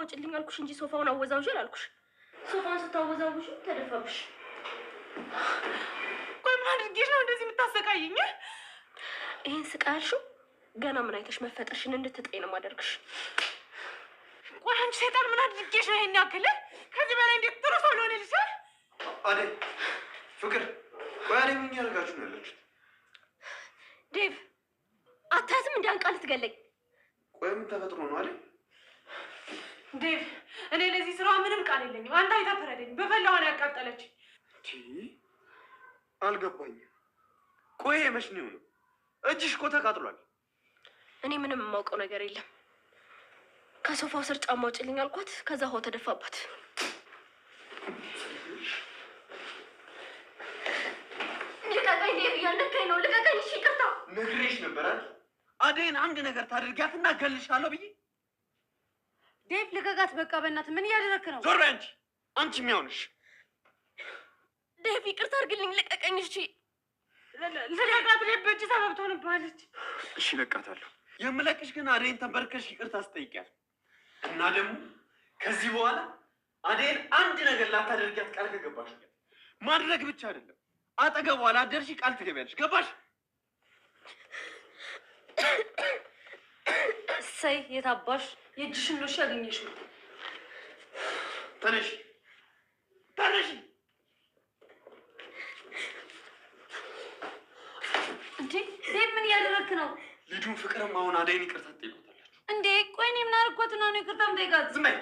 አውጪልኝ አልኩሽ እንጂ ሶፋውን አወዛውሽ አልኩሽ። ሶፋውን ስታወዛውሽ ተደፋብሽ። ቆይ ምን አድርጌሽ ነው እንደዚህ የምታሰቃየኝ? ይህን ስቃ ገና ምን አይተሽ መፈጠርሽን እንድትጠይ ነው ማደርግሽ። ቆይ አንቺ ሰይጣን ምን አድርጌሽ ነው ይሄን ያክል? ከዚህ በላይ እንዴት ጥሩ ሰው ልሆን ልሻል? አዴ ፍቅር፣ ቆይ አዴ ምን ያደርጋችሁ ነው ያለችት? ዴቭ አታያትም? እንደ አንቃ ልትገለኝ። ቆይ ምን ተፈጥሮ ነው አዴ ዴቭ፣ እኔ ለዚህ ስራ ምንም ቃል የለኝም። አንተ አይታ ፈረደኝ። በፈላዋን ያቃጠለች አልገባኝም። ቆይ መች ነው ነው? እጅሽ እኮ ተቃጥሏል። እኔ ምንም የማውቀው ነገር የለም። ከሶፋው ስር ጫማ ውጭልኝ አልኳት። ከዛ ውሃው ተደፋባት። ልቀቀኝ ዴቭ፣ እያነካኝ ነው። ልቀቀኝ። ይቅርታ ነግሬሽ ነበራል። አደይን አንድ ነገር ታደርጊያትና ገልሻለሁ ብዬ ዴቭ ልቀቃት፣ በቃ በእናትህ ምን እያደረክ ነው? ዞር በይ አንቺ አንቺ የሚሆንሽ ዴቭ፣ ይቅርታ አድርግልኝ፣ ልቀቀኝ። እሺ ልቀቃት፣ ዴቭ በእጅ ሰበብ ትሆንብሃለች። እሺ ለቃታለሁ የምለቅሽ ግን አዴን ተንበርከሽ ይቅርታ አስጠይቂያለሁ እና ደግሞ ከዚህ በኋላ አዴን አንድ ነገር ላታደርጊያት ቃል ከገባሽ ማድረግ ብቻ አይደለም አጠገቧ ላደርሽ ቃል ትገቢያለሽ። ገባሽ? እሰይ የታባሽ የእጅሽን ነው ያገኘሽው። ተነሽ ተነሽ። እንዴ ምን እያደረክ ነው? ልጁን ፍቅርም አሁን አደይን ይቅርታ ትጠይቆታላችሁ እንዴ? ቆይ እኔ ምን አደረኩት ነው ይቅርታ የምጠይቃት? ዝም በይ።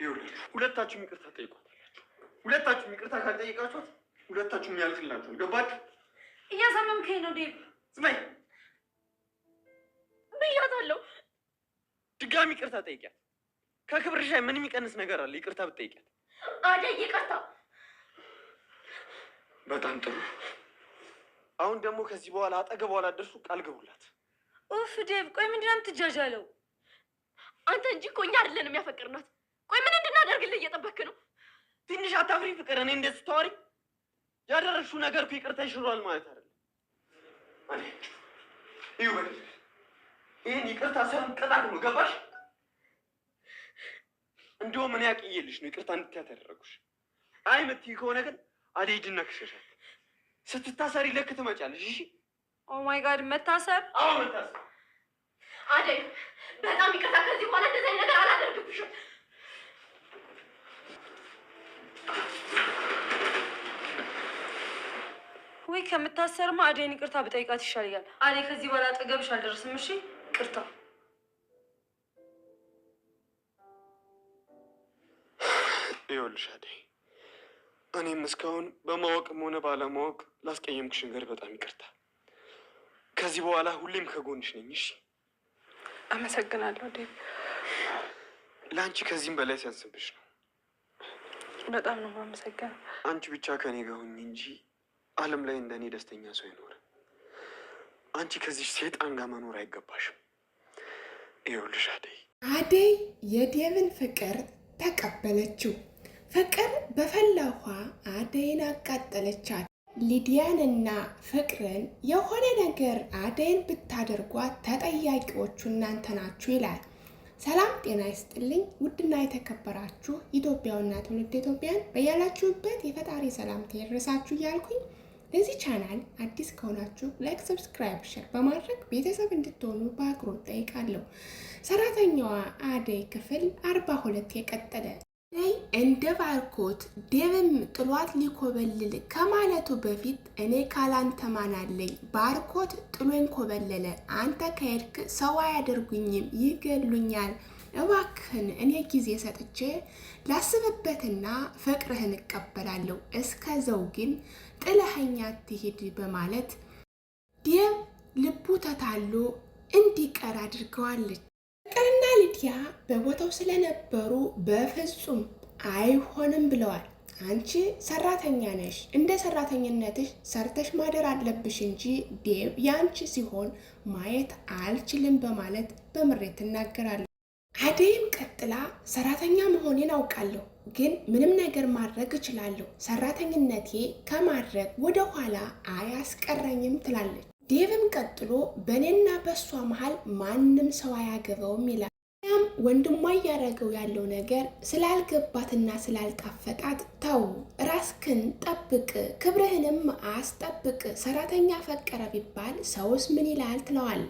ይኸውልህ ሁለታችሁም ይቅርታ ትጠይቋታላችሁ። ሁለታችሁም ይቅርታ ካልጠይቃችኋት ሁለታችሁም ያልቅላችኋል። ገባችሁ? እያሳመምከኝ ነው ዴቭ። ዝም በይ ብያታለሁ። ድጋሚ ይቅርታ ጠይቂያት። ከክብርሽ ላይ ምን የሚቀንስ ነገር አለ? ይቅርታ ብጠይቂያት። አደይ ይቅርታ። በጣም ጥሩ። አሁን ደግሞ ከዚህ በኋላ አጠገቧ ላትደርሱ ቃል ግቡላት። ኡፍ ዴቭ፣ ቆይ ምንድን ነው የምትጃዣለው? አንተ እንጂ እኮ እኛ አይደለንም ያፈቅርናት። ቆይ ምን እንድናደርግልህ እየጠበክ ነው? ትንሽ አታፍሪ ፍቅር። እኔ እንደዚህ ታዋሪ ያደረግሽው ነገር እኮ ይቅርታ ይሽሯል ማለት አይደለም። ይሁ ይህን ይቅርታ ሳይሆን ቅጣት ነው። ገባሽ? እንዲሁም እኔ አቅዬልሽ ነው ይቅርታ እንድትያት ያደረጉሽ። አይ የምትይ ከሆነ ግን አደይ ድና ክሸሻል። ስትታሰሪ ለክ ትመጫለሽ። እሺ? ኦ ማይ ጋድ! መታሰር? አዎ መታሰር። አደይ በጣም ይቅርታ። ከዚህ በኋላ እንደዚህ ነገር አላደርግብሽም። ወይ ከምታሰርማ አደይን ይቅርታ ብጠይቃት ይሻልኛል። አደይ ከዚህ በኋላ አጠገብሽ አልደርስም። እሺ ይቅርታ። ይኸውልሽ አደይ፣ እኔም እስካሁን በማወቅም ሆነ ባለማወቅ ላስቀየምኩሽ ነገር በጣም ይቅርታ። ከዚህ በኋላ ሁሌም ከጎንሽ ነኝ። እሺ? አመሰግናለሁ ዴ ለአንቺ ከዚህም በላይ ሲያንስብሽ ነው። በጣም ነው የማመሰግነው። አንቺ ብቻ ከኔ ጋር ሁኚ እንጂ ዓለም ላይ እንደኔ ደስተኛ ሰው አይኖርም። አንቺ ከዚህ ሴጣን ጋር መኖር አይገባሽም። ይኸውልሽ አደይ አደይ ፍቅር ተቀበለችው። ፍቅር በፈላ ውሃ አደይን አቃጠለቻት። ሊዲያንና ፍቅርን የሆነ ነገር አደይን ብታደርጓት ተጠያቂዎቹ እናንተ ናችሁ ይላል። ሰላም ጤና ይስጥልኝ። ውድና የተከበራችሁ ኢትዮጵያውና ትውልድ ኢትዮጵያን በያላችሁበት የፈጣሪ ሰላምታ ይድረሳችሁ እያልኩኝ ለዚህ ቻናል አዲስ ከሆናችሁ ላይክ፣ ሰብስክራይብ፣ ሸር በማድረግ ቤተሰብ እንድትሆኑ በአክብሮት ጠይቃለሁ። ሰራተኛዋ አደይ ክፍል አርባ ሁለት የቀጠለ ይ እንደ ባርኮት ዴብም ጥሏት ሊኮበልል ከማለቱ በፊት እኔ ካላንተ ማን አለኝ? ባርኮት ጥሎኝ ኮበለለ። አንተ ከሄድክ ሰው አያደርጉኝም፣ ይገሉኛል እባክህን እኔ ጊዜ ሰጥቼ ላስብበትና ፍቅርህን እቀበላለሁ። እስከዛው ግን ጥለኸኝ ትሄድ በማለት ዴቭ ልቡ ተታሎ እንዲቀር አድርገዋለች። ፍቅርና ሊዲያ በቦታው ስለነበሩ በፍጹም አይሆንም ብለዋል። አንቺ ሰራተኛ ነሽ፣ እንደ ሰራተኝነትሽ ሰርተሽ ማደር አለብሽ እንጂ ዴቭ ያንቺ ሲሆን ማየት አልችልም በማለት በምሬት ትናገራለች። አደይም ቀ ቀጥላ ሰራተኛ መሆኔን አውቃለሁ፣ ግን ምንም ነገር ማድረግ እችላለሁ። ሰራተኝነቴ ከማድረግ ወደ ኋላ አያስቀረኝም ትላለች። ዴቭም ቀጥሎ በእኔና በእሷ መሃል ማንም ሰው አያገባውም ይላል። ያም ወንድሟ እያደረገው ያለው ነገር ስላልገባትና ስላልጣፈጣት ተው ራስክን ጠብቅ፣ ክብርህንም አስጠብቅ፣ ሰራተኛ ፈቀረ ቢባል ሰውስ ምን ይላል ትለዋል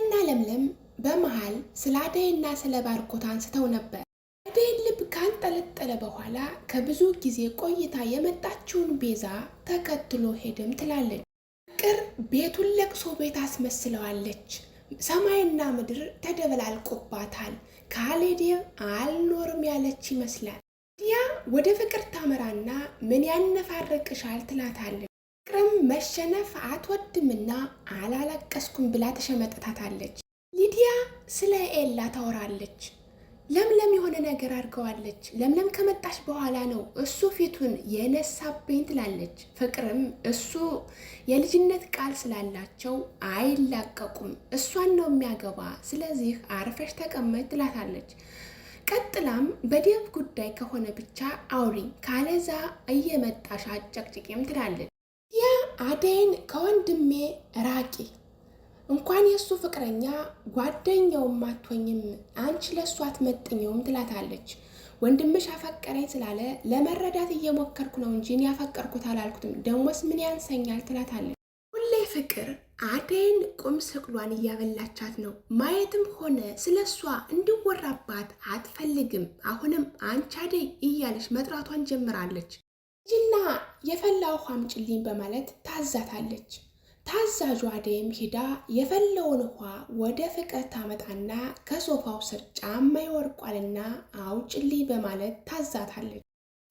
እና ለምለም በመሃል ስለ አደይና ስለ ባርኮት አንስተው ነበር። አደይን ልብ ካንጠለጠለ በኋላ ከብዙ ጊዜ ቆይታ የመጣችውን ቤዛ ተከትሎ ሄድም ትላለች። ፍቅር ቤቱን ለቅሶ ቤት አስመስለዋለች። ሰማይና ምድር ተደበላልቆባታል። ካሌዴም አልኖርም ያለች ይመስላል። ዲያ ወደ ፍቅር ታመራና ምን ያነፋረቅሻል ትላታለች። ፍቅርም መሸነፍ አትወድምና አላለቀስኩም ብላ ተሸመጠታታለች። ሊዲያ ስለ ኤላ ታወራለች። ለምለም የሆነ ነገር አድርገዋለች። ለምለም ከመጣች በኋላ ነው እሱ ፊቱን የነሳብኝ ትላለች። ፍቅርም እሱ የልጅነት ቃል ስላላቸው አይላቀቁም፣ እሷን ነው የሚያገባ፣ ስለዚህ አርፈሽ ተቀመጭ ትላታለች። ቀጥላም በደብ ጉዳይ ከሆነ ብቻ አውሪኝ፣ ካለዛ እየመጣሽ አጨቅጭቂም ትላለች። ያ አደይን ከወንድሜ ራቂ እንኳን የእሱ ፍቅረኛ ጓደኛውም አትሆኝም፣ አንቺ ለእሱ አትመጥኝውም ትላታለች። ወንድምሽ አፈቀረኝ ስላለ ለመረዳት እየሞከርኩ ነው እንጂ እኔ ያፈቀርኩት አላልኩትም፣ ደሞስ ምን ያንሰኛል ትላታለች። ሁሌ ፍቅር አደይን ቁም ስቅሏን እያበላቻት ነው። ማየትም ሆነ ስለ እሷ እንዲወራባት አትፈልግም። አሁንም አንቺ አደይ እያለች መጥራቷን ጀምራለች። ጅና የፈላ ውሃ አምጪልኝ በማለት ታዛታለች። ታዛዡ አደይም ሂዳ የፈለውን ውሃ ወደ ፍቅር ታመጣና ከሶፋው ስር ጫማ ይወርቋልና አውጭልኝ በማለት ታዛታለች።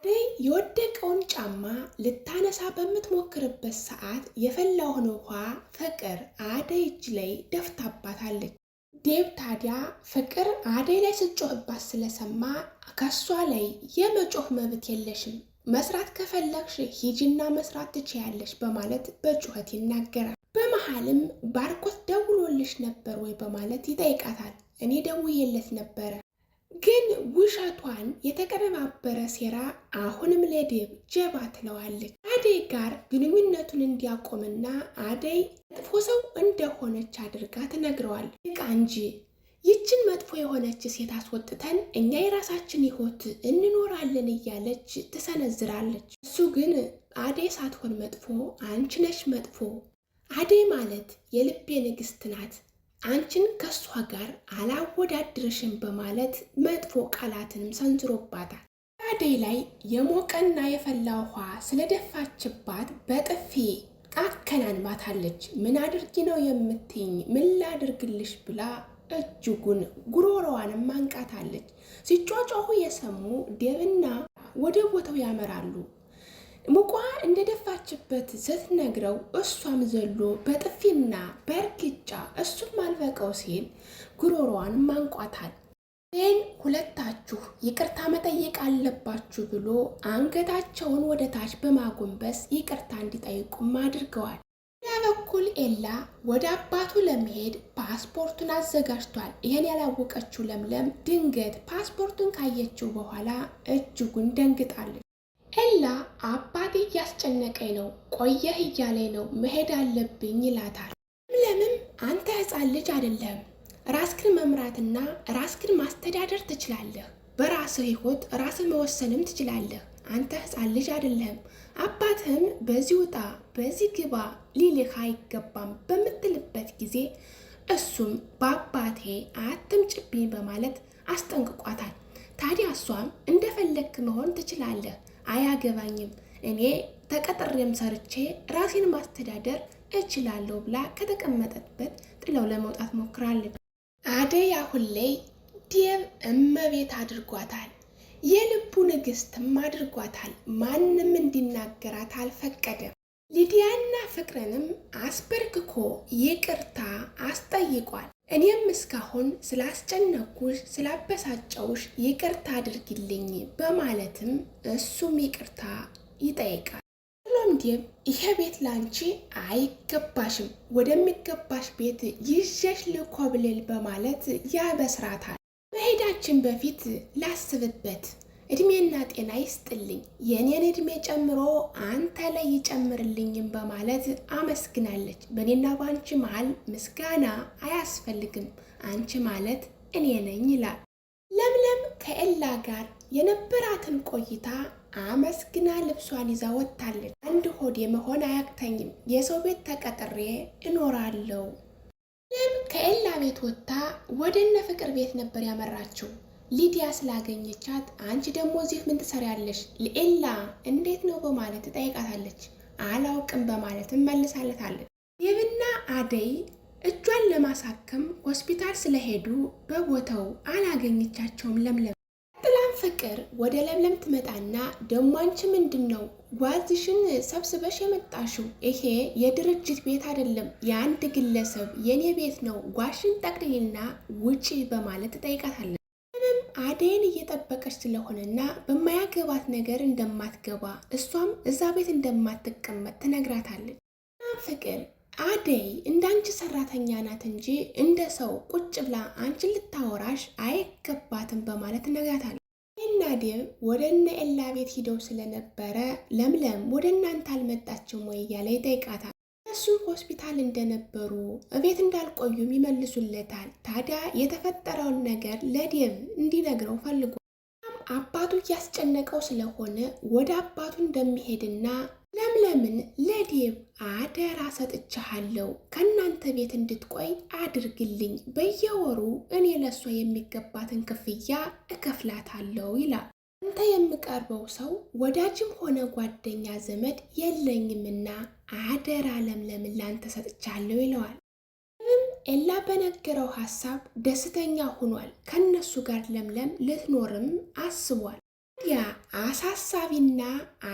አደይ የወደቀውን ጫማ ልታነሳ በምትሞክርበት ሰዓት የፈላውን ውሃ ፍቅር አደይ እጅ ላይ ደፍታባታለች። ዴብ ታዲያ ፍቅር አደይ ላይ ስጮህባት ስለሰማ ከሷ ላይ የመጮህ መብት የለሽም መስራት ከፈለግሽ ሂጂና መስራት ትችያለሽ በማለት በጩኸት ይናገራል። በመሀልም ባርኮት ደውሎልሽ ነበር ወይ በማለት ይጠይቃታል። እኔ ደውዬለት ነበረ፣ ግን ውሸቷን የተቀነባበረ ሴራ አሁንም ለዴብ ጀባ ትለዋለች። አደይ ጋር ግንኙነቱን እንዲያቆምና አደይ መጥፎ ሰው እንደሆነች አድርጋ ትነግረዋል። እቃ እንጂ ይችን መጥፎ የሆነች ሴት አስወጥተን እኛ የራሳችን ህይወት እንኖራለን እያለች ትሰነዝራለች። እሱ ግን አዴ ሳትሆን መጥፎ አንቺ ነሽ መጥፎ። አዴ ማለት የልቤ ንግስት ናት፣ አንቺን ከእሷ ጋር አላወዳድርሽም በማለት መጥፎ ቃላትንም ሰንዝሮባታል። አዴ ላይ የሞቀና የፈላ ውሃ ስለደፋችባት በጥፊ አከናንባታለች። ምን አድርጊ ነው የምትይኝ? ምን ላድርግልሽ ብላ እጅጉን ጉሮሮዋን ማንቃታለች። ሲጫጫሁ የሰሙ ዴብና ወደ ቦታው ያመራሉ። ሙቋ እንደደፋችበት ስትነግረው እሷም ዘሎ በጥፊና በእርግጫ እሱም አልበቀው ሲል ጉሮሮዋን ማንቋታል። ይህን ሁለታችሁ ይቅርታ መጠየቅ አለባችሁ ብሎ አንገታቸውን ወደ ታች በማጎንበስ ይቅርታ እንዲጠይቁም አድርገዋል። በሌላ በኩል ኤላ ወደ አባቱ ለመሄድ ፓስፖርቱን አዘጋጅቷል። ይህን ያላወቀችው ለምለም ድንገት ፓስፖርቱን ካየችው በኋላ እጅጉን ደንግጣለች። ኤላ አባቴ እያስጨነቀኝ ነው፣ ቆየህ እያለኝ ነው፣ መሄድ አለብኝ ይላታል። ለምለምም አንተ ህፃን ልጅ አይደለም፣ ራስክን መምራትና ራስክን ማስተዳደር ትችላለህ፣ በራስህ ሕይወት ራስን መወሰንም ትችላለህ አንተ ህፃን ልጅ አይደለህም፣ አባትህም በዚህ ውጣ በዚህ ግባ ሊልህ አይገባም በምትልበት ጊዜ እሱም በአባቴ አትምጭብኝ በማለት አስጠንቅቋታል። ታዲያ እሷም እንደፈለግክ መሆን ትችላለህ፣ አያገባኝም፣ እኔ ተቀጥሬም ሰርቼ ራሴን ማስተዳደር እችላለሁ ብላ ከተቀመጠበት ጥለው ለመውጣት ሞክራለች። አደይ አሁን ላይ ዴቭ እመቤት አድርጓታል። የልቡ ንግስትም አድርጓታል። ማንም እንዲናገራት አልፈቀደም። ሊዲያና ፍቅርንም አስበርክኮ ይቅርታ አስጠይቋል። እኔም እስካሁን ስላስጨነኩሽ፣ ስላበሳጨውሽ ይቅርታ አድርግልኝ በማለትም እሱም ይቅርታ ይጠይቃል። ሎምዴም ይሄ ቤት ላንቺ አይገባሽም፣ ወደሚገባሽ ቤት ይዤሽ ልኮብልል በማለት ያበስራታል። መሄዳችን በፊት ላስብበት። እድሜና ጤና ይስጥልኝ፣ የእኔን እድሜ ጨምሮ አንተ ላይ ይጨምርልኝም በማለት አመስግናለች። በእኔና በአንቺ መሀል ምስጋና አያስፈልግም፣ አንቺ ማለት እኔ ነኝ ይላል። ለምለም ከኤላ ጋር የነበራትን ቆይታ አመስግና ልብሷን ይዛ ወጥታለች። አንድ ሆድ መሆን አያክተኝም፣ የሰው ቤት ተቀጥሬ እኖራለሁ ከኤላ ቤት ወጥታ ወደ እነ ፍቅር ቤት ነበር ያመራችው ሊዲያ ስላገኘቻት አንቺ ደግሞ እዚህ ምን ትሰሪያለሽ? ለኤላ እንዴት ነው በማለት ትጠይቃታለች። አላውቅም በማለት እመልሳለታለች። ዴብና አደይ እጇን ለማሳከም ሆስፒታል ስለሄዱ በቦታው አላገኘቻቸውም ለምለም ፍቅር ወደ ለምለም ትመጣና ደግሞ አንቺ ምንድን ነው ጓዝሽን ሰብስበሽ የመጣሽው? ይሄ የድርጅት ቤት አይደለም፣ የአንድ ግለሰብ የኔ ቤት ነው። ጓሽን ጠቅልይና ውጪ በማለት ትጠይቃታለች። አደይን እየጠበቀች ስለሆነና በማያገባት ነገር እንደማትገባ እሷም እዛ ቤት እንደማትቀመጥ ትነግራታለች። ፍቅር አደይ እንዳንቺ ሰራተኛ ናት እንጂ እንደ ሰው ቁጭ ብላ አንቺን ልታወራሽ አይገባትም በማለት ትነግራታለች። እና ዴቭ ወደ እነ ኤላ ቤት ሂደው ስለነበረ ለምለም ወደ እናንተ አልመጣችም ወይ እያለ ይጠይቃታል። እነሱም ሆስፒታል እንደነበሩ እቤት እንዳልቆዩም ይመልሱለታል። ታዲያ የተፈጠረውን ነገር ለዴቭ እንዲነግረው ፈልጎ አባቱ እያስጨነቀው ስለሆነ ወደ አባቱ እንደሚሄድና ለምለምን ለዴብ አደራ ሰጥቻሃለው ከእናንተ ቤት እንድትቆይ አድርግልኝ፣ በየወሩ እኔ ለእሷ የሚገባትን ክፍያ እከፍላታለሁ ይላል። አንተ የምቀርበው ሰው ወዳጅም ሆነ ጓደኛ ዘመድ የለኝምና አደራ ለምለምን ላንተ ሰጥቻለሁ ይለዋል። ኤላ በነገረው ሀሳብ ደስተኛ ሆኗል። ከነሱ ጋር ለምለም ልትኖርም አስቧል። ያ አሳሳቢና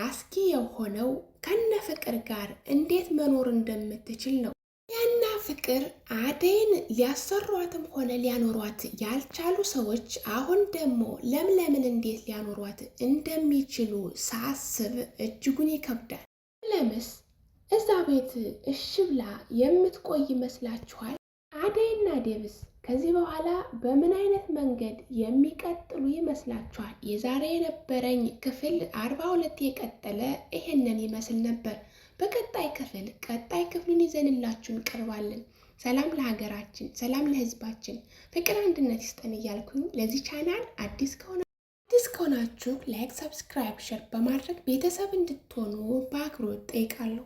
አስጊ የሆነው ከነ ፍቅር ጋር እንዴት መኖር እንደምትችል ነው። ያና ፍቅር አደይን ሊያሰሯትም ሆነ ሊያኖሯት ያልቻሉ ሰዎች አሁን ደግሞ ለምለምን እንዴት ሊያኖሯት እንደሚችሉ ሳስብ እጅጉን ይከብዳል። ለምስ እዛ ቤት እሽብላ ብላ የምትቆይ ይመስላችኋል? አደይና ዴብስ ከዚህ በኋላ በምን አይነት መንገድ የሚቀጥሉ ይመስላችኋል? የዛሬ የነበረኝ ክፍል አርባ ሁለት የቀጠለ ይሄንን ይመስል ነበር። በቀጣይ ክፍል ቀጣይ ክፍሉን ይዘንላችሁ እንቀርባለን። ሰላም ለሀገራችን፣ ሰላም ለሕዝባችን፣ ፍቅር አንድነት ይስጠን እያልኩኝ ለዚህ ቻናል አዲስ ከሆነ አዲስ ከሆናችሁ ላይክ፣ ሰብስክራይብ፣ ሸር በማድረግ ቤተሰብ እንድትሆኑ በአክብሮት ጠይቃለሁ።